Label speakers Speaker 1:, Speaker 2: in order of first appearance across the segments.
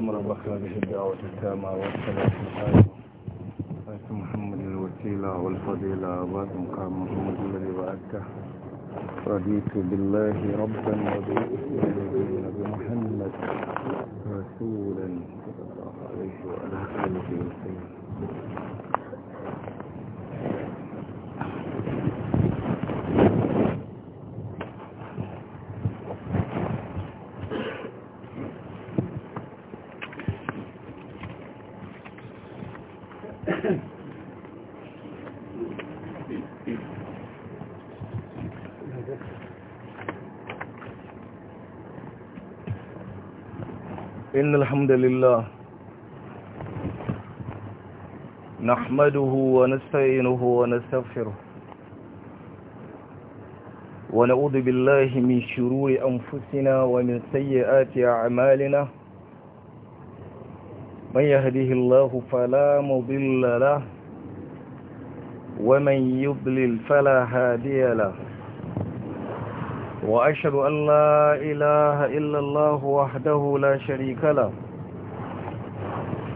Speaker 1: اللهم رب هذه الدعوة التامة والصلاة القائمة آت محمد الوسيلة والفضيلة وبعد مقام محمد الذي وعدته رضيت بالله ربا وبالإسلام إن الحمد لله نحمده ونستعينه ونستغفره ونعوذ بالله من شرور أنفسنا ومن سيئات أعمالنا من يهده الله فلا مضل له ومن يضلل فلا هادي له وأشهد أن لا إله إلا الله وحده لا شريك له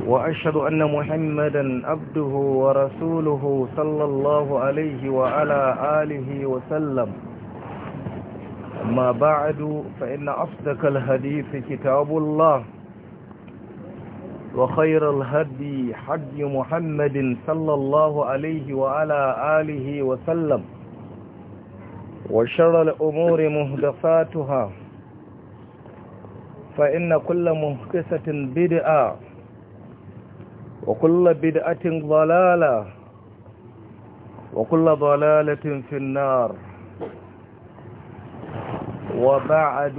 Speaker 1: وأشهد أن محمدا عبده ورسوله صلى الله عليه وعلى آله وسلم ما بعد فإن أصدق الحديث كتاب الله وخير الهدي حدي محمد صلى الله عليه وعلى آله وسلم وشر الأمور مهدفاتها فإن كل مهكسة بدعة وكل بدعة ضلالة وكل ضلالة في النار وبعد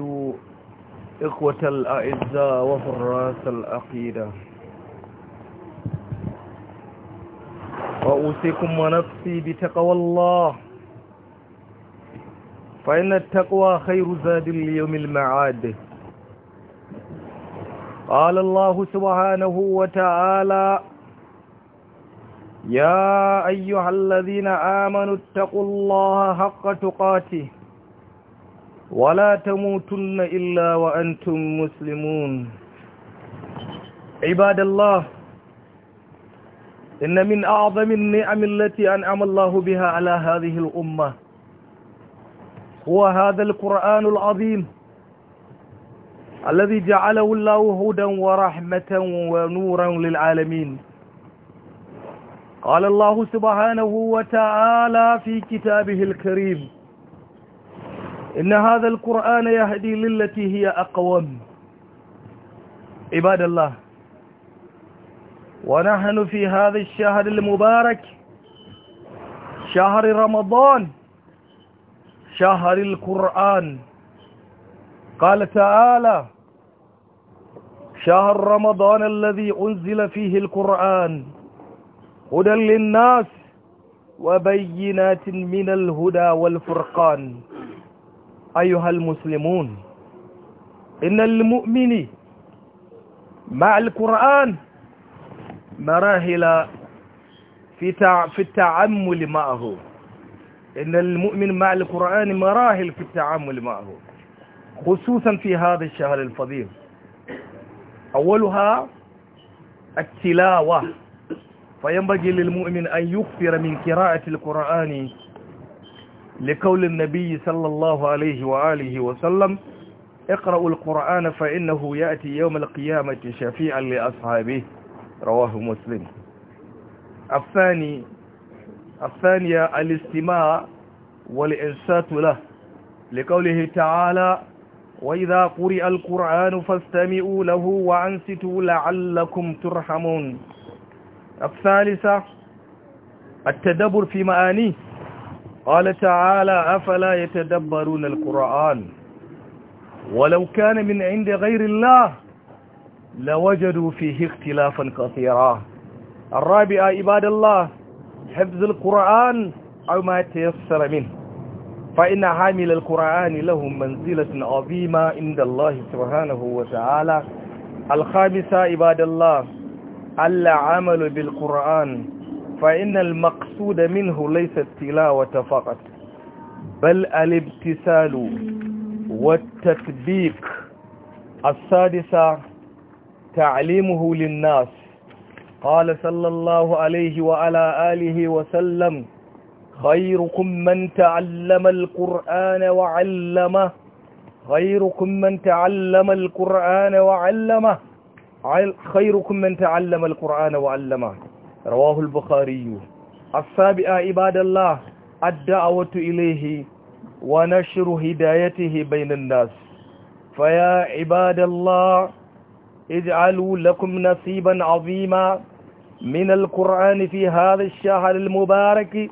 Speaker 1: إخوة الأعزاء وفراس الأقيدة وأوصيكم ونفسي بتقوى الله فإن التقوى خير زاد اليوم المعاد قال الله سبحانه وتعالى يا أيها الذين آمنوا اتقوا الله حق تقاته ولا تموتن إلا وأنتم مسلمون عباد الله إن من أعظم النعم التي أنعم الله بها على هذه الأمة هو هذا القرآن العظيم الذي جعله الله هدى ورحمة ونورا للعالمين قال الله سبحانه وتعالى في كتابه الكريم إن هذا القرآن يهدي للتي هي أقوم عباد الله ونحن في هذا الشهر المبارك شهر رمضان شهر القرآن قال تعالى شهر رمضان الذي أنزل فيه القرآن هدى للناس وبينات من الهدى والفرقان أيها المسلمون إن المؤمن مع القرآن مراحل في في التعامل معه إن المؤمن مع القرآن مراحل في التعامل معه خصوصا في هذا الشهر الفضيل أولها التلاوة فينبغي للمؤمن أن يكثر من قراءة القرآن لقول النبي صلى الله عليه وآله وسلم اقرأوا القرآن فإنه يأتي يوم القيامة شفيعا لأصحابه رواه مسلم الثاني الثانية الاستماع والإنسات له لقوله تعالى وإذا قرئ القرآن فاستمعوا له وأنصتوا لعلكم ترحمون الثالثة التدبر في معانيه قال تعالى أفلا يتدبرون القرآن ولو كان من عند غير الله لوجدوا فيه اختلافا كثيرا الرابعة عباد الله حفظ القرآن أو ما تيسر منه فإن حامل القرآن له منزلة عظيمة عند الله سبحانه وتعالى الخامسة عباد الله ألا عمل بالقرآن فإن المقصود منه ليس التلاوة فقط بل الابتسال والتطبيق السادسة تعليمه للناس قال صلى الله عليه وعلى آله وسلم خيركم من تعلم القرآن وعلمه خيركم من تعلم القرآن وعلمه خيركم من تعلم القرآن وعلمه رواه البخاري السابع عباد الله الدعوة إليه ونشر هدايته بين الناس فيا عباد الله اجعلوا لكم نصيبا عظيما من القرآن في هذا الشهر المبارك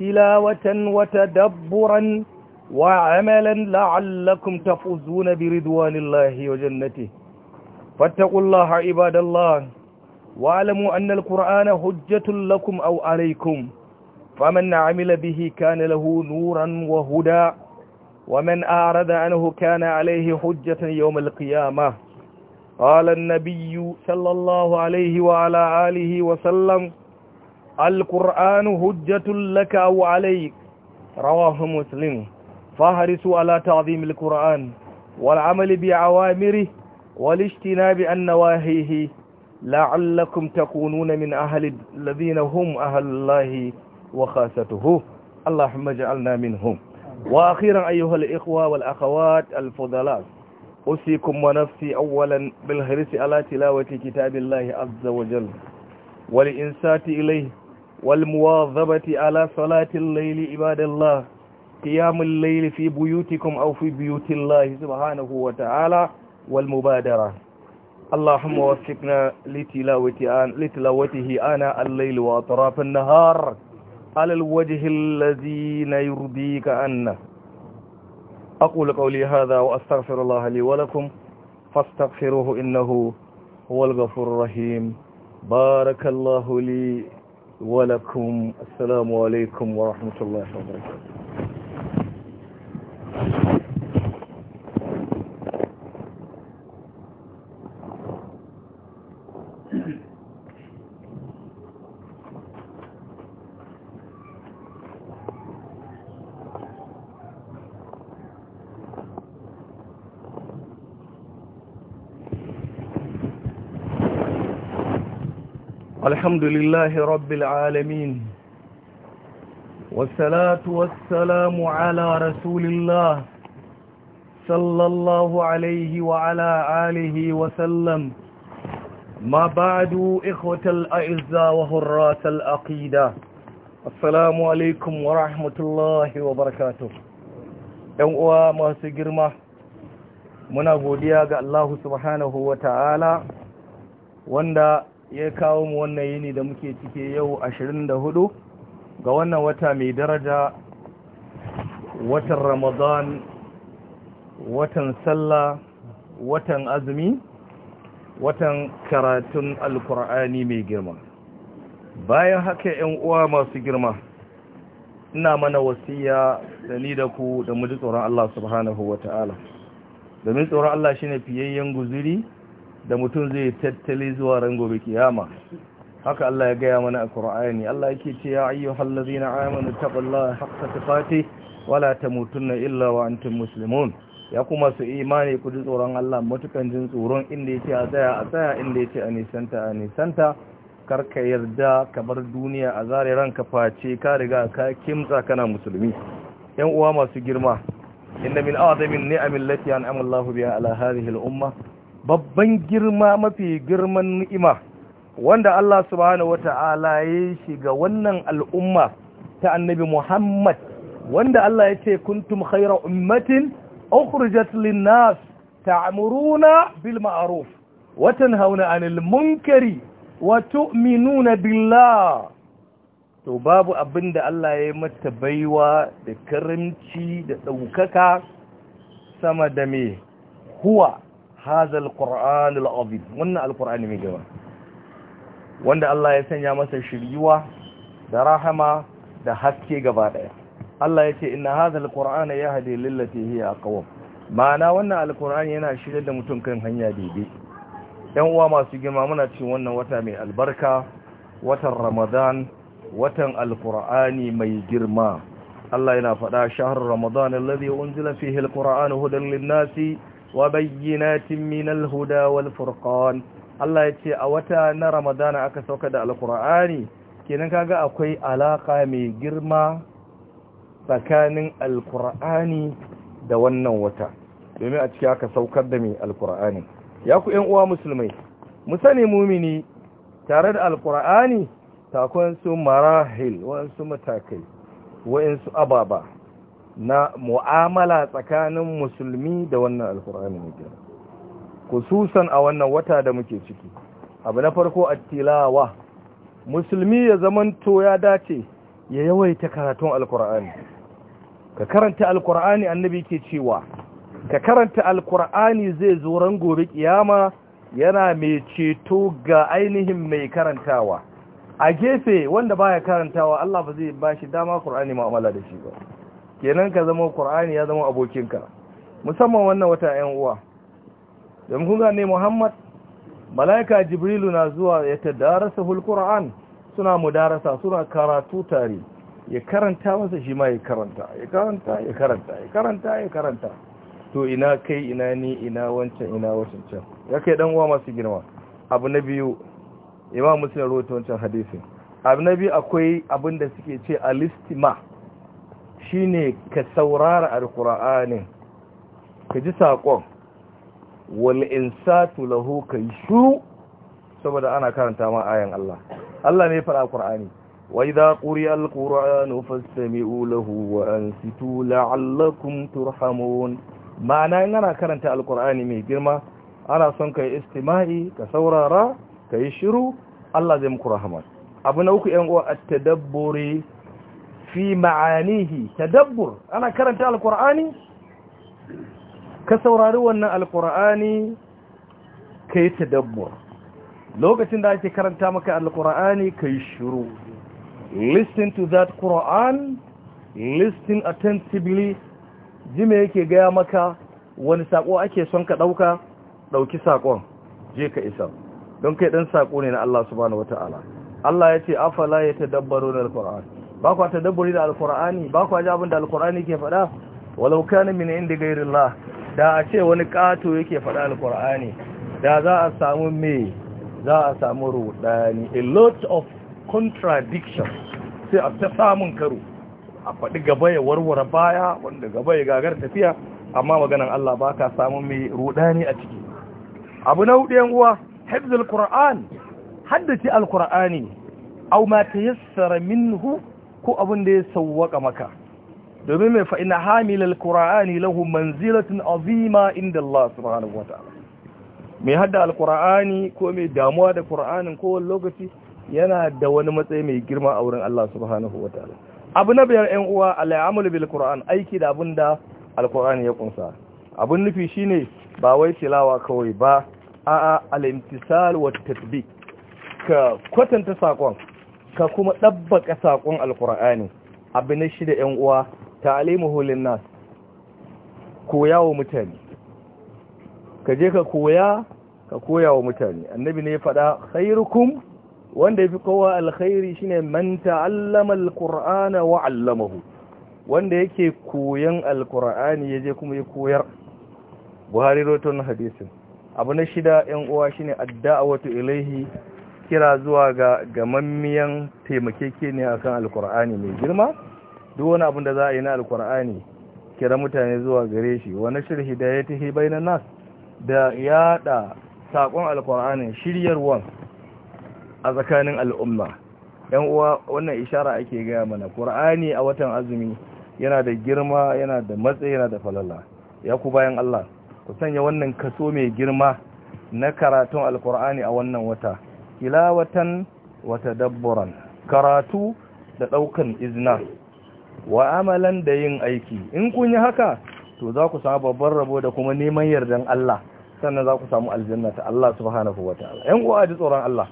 Speaker 1: تلاوة وتدبرا وعملا لعلكم تفوزون برضوان الله وجنته فاتقوا الله عباد الله واعلموا أن القرآن حجة لكم أو عليكم فمن عمل به كان له نورا وهدى ومن أعرض عنه كان عليه حجة يوم القيامة قال النبي صلى الله عليه وعلى آله وسلم القرآن هجة لك أو عليك رواه مسلم فاحرصوا على تعظيم القرآن والعمل بعوامره والاجتناب عن نواهيه لعلكم تكونون من أهل الذين هم أهل الله وخاصته اللهم اجعلنا منهم وأخيرا أيها الإخوة والأخوات الفضلاء أوصيكم ونفسي أولا بالحرص على تلاوة كتاب الله عز وجل والإنسات إليه والمواظبة على صلاة الليل عباد الله قيام الليل في بيوتكم أو في بيوت الله سبحانه وتعالى والمبادرة اللهم وفقنا لتلاوته آناء الليل وأطراف النهار على الوجه الذي يرضيك عنه أقول قولي هذا وأستغفر الله لي ولكم فاستغفروه إنه هو الغفور الرحيم بارك الله لي ولكم السلام عليكم ورحمة الله وبركاته الحمد لله رب العالمين والصلاة والسلام على رسول الله صلى الله عليه وعلى آله وسلم ما بعد إخوة الأعزاء وهرات الأقيدة السلام عليكم ورحمة الله وبركاته يوم masu girma muna godiya ga Allah subhanahu wa ta'ala wanda ya kawo mu wannan yini da muke cike yau 24 ga wannan wata mai daraja watan ramadan watan sallah watan azumi watan karatun alkur'ani mai girma bayan haka yan uwa masu girma ina mana wasiya da ni da ku da mu ji tsoron Allah subhanahu wataala domin tsoron Allah shine fiyayyen guzuri da mutum zai tattali zuwa ran gobe kiyama haka Allah ya gaya mana a Qur'ani Allah yake ce ya ayyuhal ladzina amanu taqullaha haqqa tuqatih wala tamutunna illa wa antum muslimun ya kuma su imani ku ji tsoron Allah matukan jin tsoron inda yake a tsaya a tsaya inda yake a nisanta a nisanta kar ka yarda ka bar duniya a zare ranka face ka riga ka kimtsa kana musulmi yan uwa masu girma
Speaker 2: inna min a'zamin
Speaker 1: ni'amil lati an'ama Allahu biha ala hadhihi al-umma babban girma mafi girman ni'ima wanda Allah subhanahu wata'ala ya shiga wannan al'umma ta annabi Muhammad wanda Allah ya ce kuntum khayra ummatin ukhrijat lin-nas ta'muruna bil ma'ruf wa tanhauna 'anil munkari wa tu'minuna billah to babu abin da Allah ya yi mata baiwa da karimci da ɗaukaka sama da me huwa hazal qur'an al wannan alqur'ani mai gaba wanda Allah ya sanya masa shiryuwa da rahama da haske gaba daya Allah ya ce inna hazal qur'ana yahdi lillati hiya aqwam ma'ana wannan alqur'ani yana shirye da mutum kan hanya daidai yan uwa masu girma muna cikin wannan wata mai albarka watan ramadan watan alqur'ani mai girma Allah yana faɗa shahar ramadan alladhi unzila fihi alqur'anu hudan lin-nasi al-huda wal furqan Allah yace a wata na Ramadana aka sauka da Alkur'ani kenan kaga akwai alaka mai girma tsakanin Alkur'ani da wannan wata domin a ciki aka saukar da mai Alkur'ani ya ku ƴan uwa musulmai mu sani mumini tare da Alkur'ani takon su marahil wa'ansu matakai wa'ansu ababa na mu'amala tsakanin musulmi da wannan alkur'ani mai girma kususan a wannan wata da muke ciki abu na farko a tilawa musulmi ya zamanto ya dace ya yawaita karatun alkur'ani ka karanta alkur'ani annabi ke cewa ka karanta alkur'ani zai zo ran gobe kiyama yana mai ceto ga ainihin mai karantawa a gefe wanda baya karantawa Allah ba zai ba shi dama Qur'ani mu'amala da shi ba kenan ka zama qur'ani ya zama abokinka musamman wannan wata yan uwa mun kun ne Muhammad malaika Jibrilu na zuwa ya tadarasa qur'an suna mudarasa suna karatu tare ya karanta masa shi ma ya karanta ya karanta ya karanta ya karanta ya karanta to ina kai ina ni ina wancan ina wancan ya kai dan uwa masu girma abu na biyu imam muslim rawaito wancan hadisin abu na biyu akwai abin da suke ce alistima shine ka saurara alqur'anin ka ji saƙon wal insatu lahu yi shu saboda ana karanta ma ayan Allah Allah ne fara alqur'ani wa idza quriya alqur'anu fastami'u lahu wa ansitu la'allakum turhamun ma'ana in ana karanta alqur'ani mai girma ana son kai istima'i ka saurara kai shiru Allah zai muku rahama abu na uku yan uwa at-tadabburi fi ma'anihi tadabbur ana karanta alqur'ani ka saurari wannan alkur'ani kai tadabbur lokacin da ake karanta maka alkur'ani ka shiru listen to that quran listen attentively ji me yake gaya maka wani sako ake son ka ɗauka ɗauki sakon je ka isa don kai dan sako ne na Allah subhanahu wata'ala Allah ya ce afala ya alqur'ani ba kwa tadabburi da alkur'ani ba kwa ji da alkur'ani ke faɗa walau kana min inda gairillah da a ce wani kato yake faɗa alkur'ani da za a samu me za a samu rudani a lot of contradiction sai a ta samun karo a faɗi gaba ya warware baya wanda gaba ya gagar tafiya amma maganar Allah ba ka samu mai rudani a ciki abu na hudu uwa hafzul qur'an haddati alqur'ani aw ma tayassara minhu ko abin da ya sawwaka maka domin mai fa'ina hamilal ƙura'ani lahu manzilatin azima inda Allah subhanahu wa ta'ala mai hada alƙura'ani ko mai damuwa da ƙura'anin kowane lokaci yana da wani matsayi mai girma a wurin Allah subhanahu wa ta'ala abu na biyar ‘yan uwa al'amul bil ƙura'an aiki da abin da alƙura'ani ya kunsa abin nufi shine ba wai tilawa kawai ba a'a al'imtisal wa tatbik ka kwatanta saƙon ka kuma ɗabbaka saƙon alƙur'ani abu na shida ‘yan uwa ta'alimuhu nas. koya wa mutane ka je ka koya ka koya wa mutane annabi ne ya faɗa khairukum wanda ya fi kowa alkhairi shine manta allama alqur'ana wa 'allamahu wanda yake koyan alqur'ani yaje kuma ya koyar buhari roton hadisin abu na shida 'yan uwa shine a dawatu ilayhi kira zuwa ga gamammiyan taimakeke ne akan alkur'ani mai girma duk wani abin da za a yi na alkur'ani kira mutane zuwa gare shi wani shirhi da ya tihi bai nas da yada saƙon alkur'ani shiryarwan a tsakanin al'umma yan uwa wannan ishara ake gaya mana kur'ani a watan azumi yana da girma yana da matsayi yana da falala ya ku bayan allah ku sanya wannan kaso mai girma na karatun alkur'ani a wannan wata tilawatan wa tadabburan karatu da daukan izna wa amalan da yin aiki in kun yi haka to za ku samu babban rabo da kuma neman yardan Allah sannan za ku samu aljanna ta Allah subhanahu wataala yan uwa ji tsoron Allah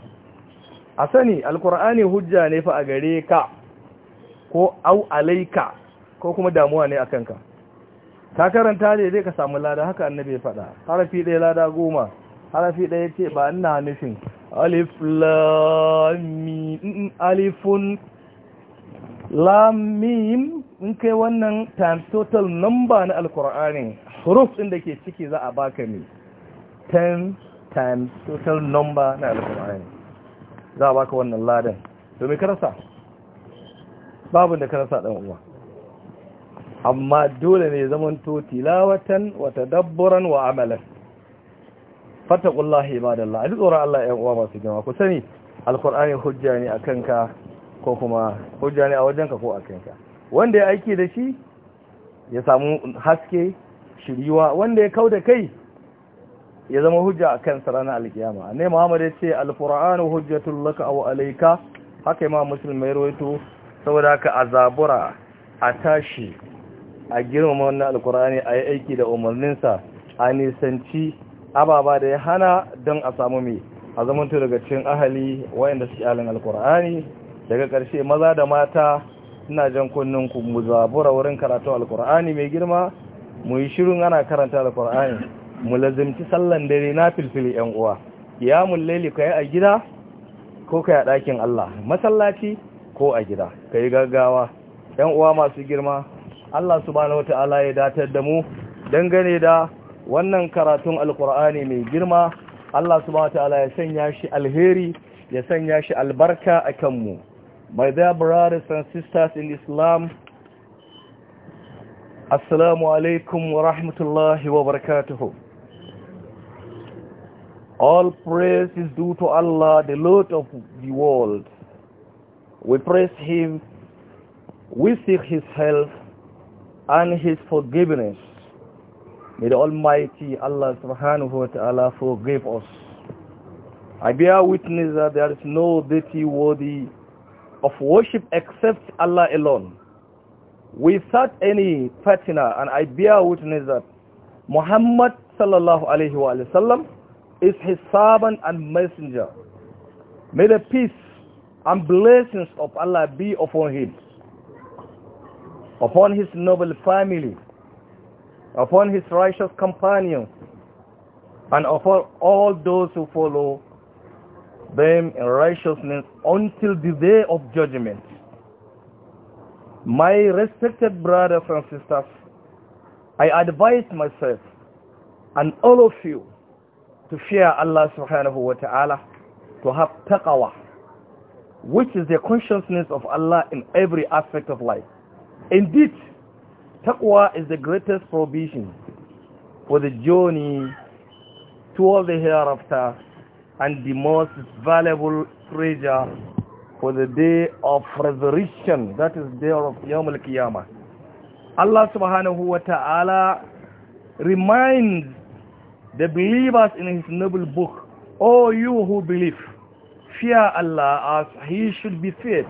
Speaker 1: a sani alkur'ani hujja ne fa a gare ka ko au alaika ko kuma damuwa ne akan ka Ta karanta ne zai ka samu lada haka annabi ya faɗa harafi ɗaya lada goma harafi ɗaya ce ba ina nufin alif mm, mm, alifun lamim in kai wannan times total number na alkur'ani huruf ɗin da ke ciki za a baka ne 10 times total number na alkur'ani za a baka wannan ladan domin karasa babu da karasa ɗan uwa amma dole ne toti tilawatan wa dabburan wa amalan fattaqullahi ibadallah a tsoron Allah ya uwa masu gama. ku sani alqur'ani hujja ne a ko kuma hujja ne a wajenka ko ka wanda ya aiki da shi ya samu haske shiriwa wanda ya kauda kai ya zama hujja akan sa ranar alkiyama ne Muhammad ya ce hujja hujjatul laka aw alayka haka ma muslim mai rawaito saboda haka azabura a tashi a girmama wannan alkur'ani a yi aiki da umarninsa a nisanci ababa da ya hana don a samu mai a zamanto daga cikin ahali wayanda suke alin alkur'ani daga ƙarshe maza da mata ina jan kunnen ku mu zabura wurin karatu alkur'ani mai girma mu yi shirin ana karanta alkur'ani mu lazimci sallan dare na filfili yan uwa ya mulleli kai a gida ko kai a ɗakin Allah masallaci ko a gida kai gaggawa yan uwa masu girma Allah subhanahu wataala ya datar da mu dangane da wannan karatun alkur'ani mai girma Allah subhanahu ta'ala ya sanya shi alheri ya sanya shi albarka a kanmu my dear brothers and sisters in Islam assalamu alaikum wa rahmatullahi wa barakatuhu all praise is due to Allah the Lord of the world we praise him we seek his help and his forgiveness May the Almighty Allah subhanahu wa ta'ala forgive us. I bear witness that there is no deity worthy of worship except Allah alone. Without any partner, and I bear witness that Muhammad sallallahu alayhi wa sallam is his servant and messenger. May the peace and blessings of Allah be upon him, upon his noble family, upon his righteous companions, and upon all those who follow them in righteousness until the day of judgment. My respected brothers and sisters, I advise myself and all of you to fear Allah subhanahu wa ta'ala, to have taqwa, which is the consciousness of Allah in every aspect of life. Indeed, Taqwa is the greatest provision for the journey toward the hereafter and the most valuable treasure for the day of resurrection. That is the day of Yawm al-Qiyamah. Allah subhanahu wa ta'ala reminds the believers in his noble book, O oh, you who believe, fear Allah as he should be feared,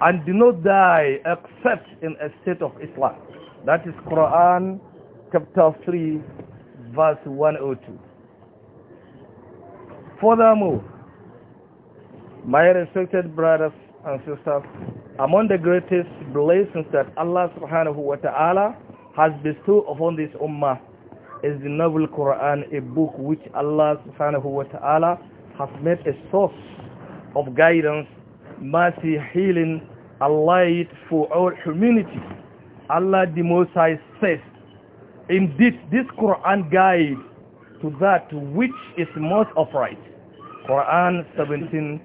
Speaker 1: and do not die except in a state of Islam. That is Quran chapter 3 verse 102. Furthermore, my respected brothers and sisters, among the greatest blessings that Allah subhanahu wa ta'ala has bestowed upon this ummah is the novel Quran, a book which Allah subhanahu wa ta'ala has made a source of guidance, mercy, healing, a light for all humanity. Allah the Most High says, Indeed, this Quran guides to that which is most upright. Quran 17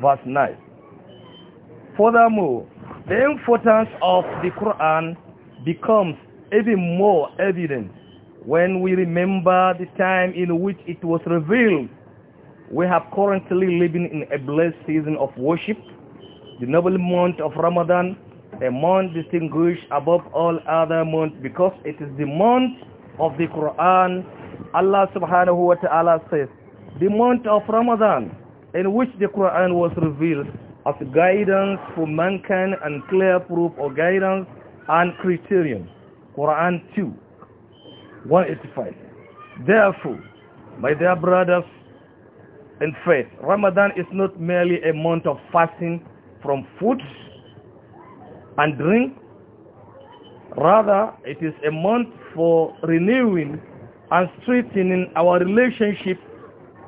Speaker 1: verse 9. Furthermore, the importance of the Quran becomes even more evident when we remember the time in which it was revealed. We have currently living in a blessed season of worship, the noble month of Ramadan, a month distinguished above all other months because it is the month of the Quran. Allah subhanahu wa ta'ala says, the month of Ramadan in which the Quran was revealed as guidance for mankind and clear proof of guidance and criterion. Quran 2, 185. Therefore, my dear brothers in faith, Ramadan is not merely a month of fasting from food and drink. Rather, it is a month for renewing and strengthening our relationship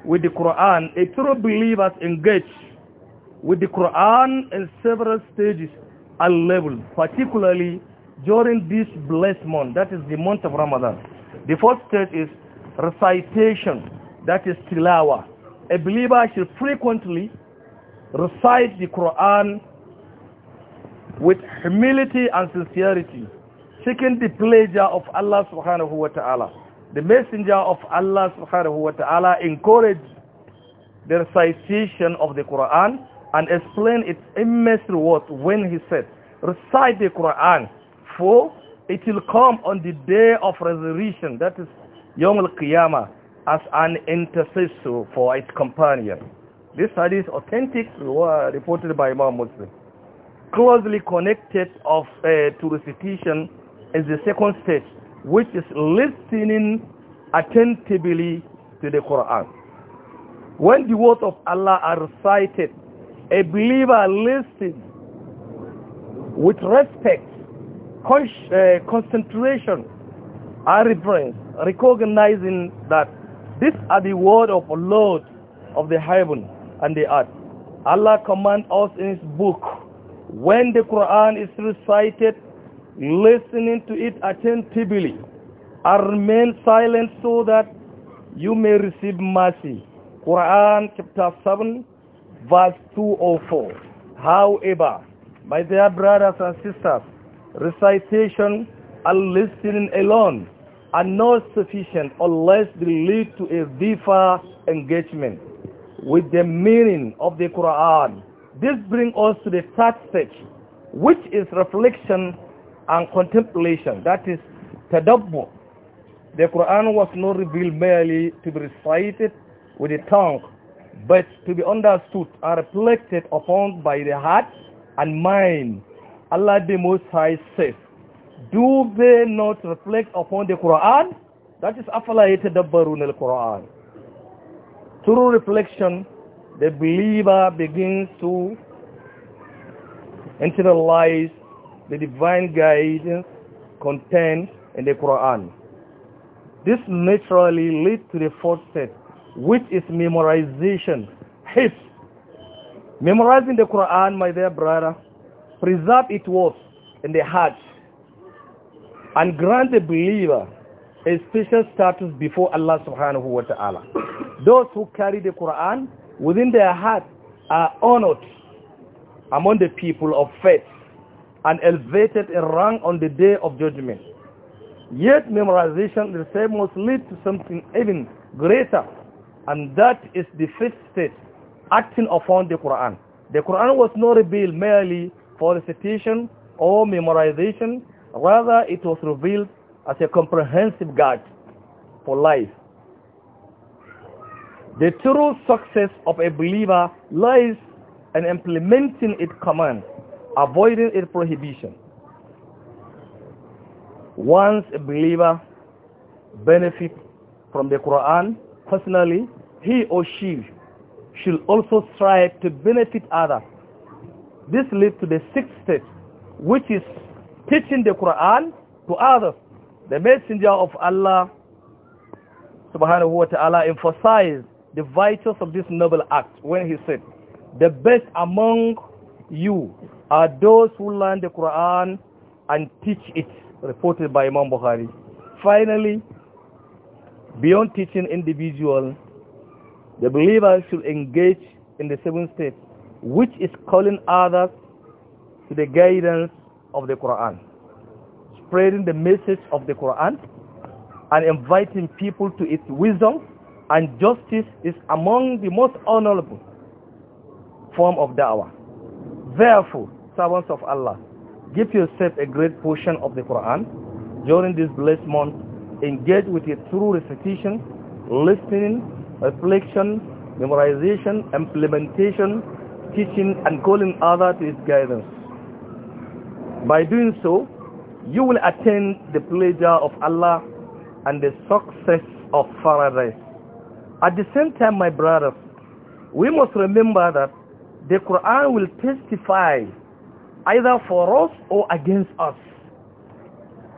Speaker 1: with the Quran. A true believer engaged with the Quran in several stages and levels, particularly during this blessed month, that is the month of Ramadan. The first stage is recitation, that is tilawa. A believer should frequently recite the Quran with humility and sincerity, seeking the pleasure of Allah subhanahu wa ta'ala. The messenger of Allah subhanahu wa ta'ala encouraged the recitation of the Quran and explained its immense reward when he said, recite the Quran for it will come on the day of resurrection, that is Yom al-Qiyamah, as an intercessor for its companion. This hadith authentic, reported by Imam Muslim closely connected of uh, to recitation is the second stage, which is listening attentively to the Quran. When the words of Allah are recited, a believer listens with respect, con uh, concentration, and reverence, recognizing that these are the word of the Lord of the heaven and the earth. Allah commands us in his book when the Quran is recited, listening to it attentively and remain silent so that you may receive mercy. Quran chapter 7 verse 204. However, my dear brothers and sisters, recitation and listening alone are not sufficient unless they lead to a deeper engagement with the meaning of the Quran this brings us to the third stage, which is reflection and contemplation. That is tadabbur. The Quran was not revealed merely to be recited with the tongue, but to be understood and reflected upon by the heart and mind. Allah the Most High says, Do they not reflect upon the Quran? That is affiliated yatadabbarun al-Quran. Through reflection, the believer begins to internalize the divine guidance contained in the Quran. This naturally leads to the fourth step, which is memorization. His. Memorizing the Quran, my dear brother, preserve its words in the heart and grant the believer a special status before Allah subhanahu wa ta'ala. Those who carry the Quran within their heart are honored among the people of faith and elevated in rank on the day of judgment. Yet memorization the same must lead to something even greater and that is the fifth state, acting upon the Quran. The Quran was not revealed merely for recitation or memorization, rather it was revealed as a comprehensive guide for life the true success of a believer lies in implementing its command, avoiding its prohibition. Once a believer benefits from the Quran personally, he or she should also strive to benefit others. This leads to the sixth step, which is teaching the Quran to others. The messenger of Allah subhanahu wa ta'ala emphasized the virtues of this noble act when he said, the best among you are those who learn the Quran and teach it, reported by Imam Bukhari. Finally, beyond teaching individual, the believer should engage in the seven steps, which is calling others to the guidance of the Quran, spreading the message of the Quran, and inviting people to its wisdom, and justice is among the most honorable form of da'wah. Therefore, servants of Allah, give yourself a great portion of the Quran during this blessed month. Engage with it through recitation, listening, reflection, memorization, implementation, teaching, and calling others to its guidance. By doing so, you will attain the pleasure of Allah and the success of paradise. At the same time, my brothers, we must remember that the Quran will testify either for us or against us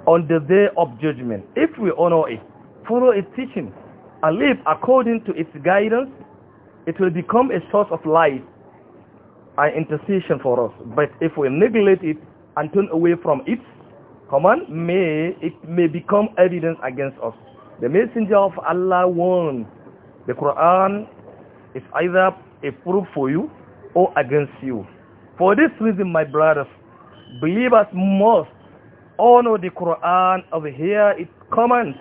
Speaker 1: on the day of judgment if we honor it, follow its teaching, and live according to its guidance it will become a source of light and intercession for us. But if we neglect it and turn away from its command, may it may become evidence against us. The messenger of Allah warned the Quran is either a proof for you or against you. For this reason, my brothers, believers must honor the Quran and hear its commands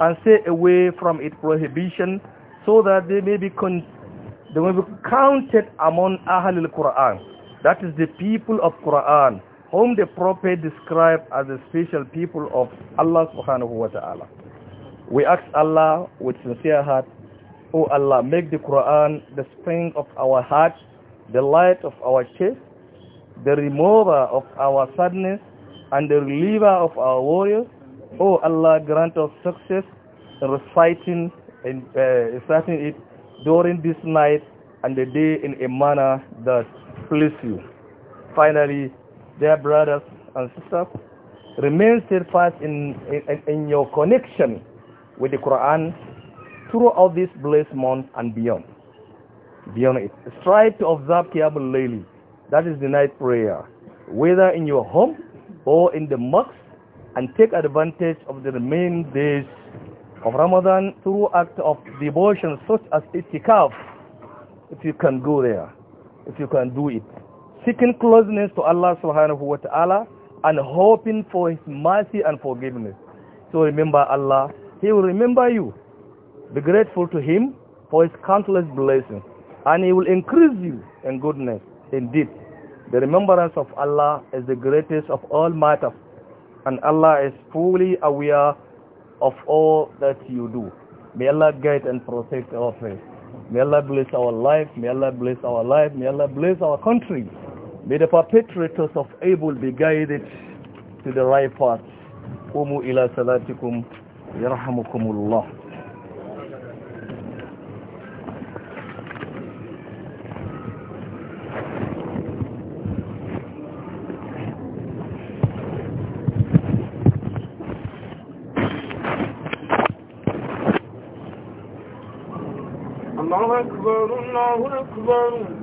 Speaker 1: and stay away from its prohibition so that they may be, they may be counted among Ahlul Quran. That is the people of Quran whom the Prophet described as the special people of Allah subhanahu wa ta'ala. We ask Allah with sincere heart O Allah, make the Quran the spring of our heart, the light of our chest, the remover of our sadness, and the reliever of our warriors. O Allah, grant us success in reciting, in, uh, reciting it during this night and the day in a manner that pleases you. Finally, dear brothers and sisters, remain steadfast in, in, in your connection with the Quran throughout this blessed month and beyond. Beyond it. Strive to observe Qiyamul Layli. That is the night prayer. Whether in your home or in the mosque and take advantage of the remaining days of Ramadan through acts of devotion such as itikaf if you can go there, if you can do it. Seeking closeness to Allah subhanahu wa ta'ala and hoping for His mercy and forgiveness. So remember Allah, He will remember you. Be grateful to him for his countless blessings, and he will increase you in goodness. Indeed, the remembrance of Allah is the greatest of all matters, and Allah is fully aware of all that you do. May Allah guide and protect our faith. May Allah bless our life. May Allah bless our life. May Allah bless our country. May the perpetrators of evil be guided to the right path. قوموا إلى صلاتكم يرحمكم الله lọ́rùn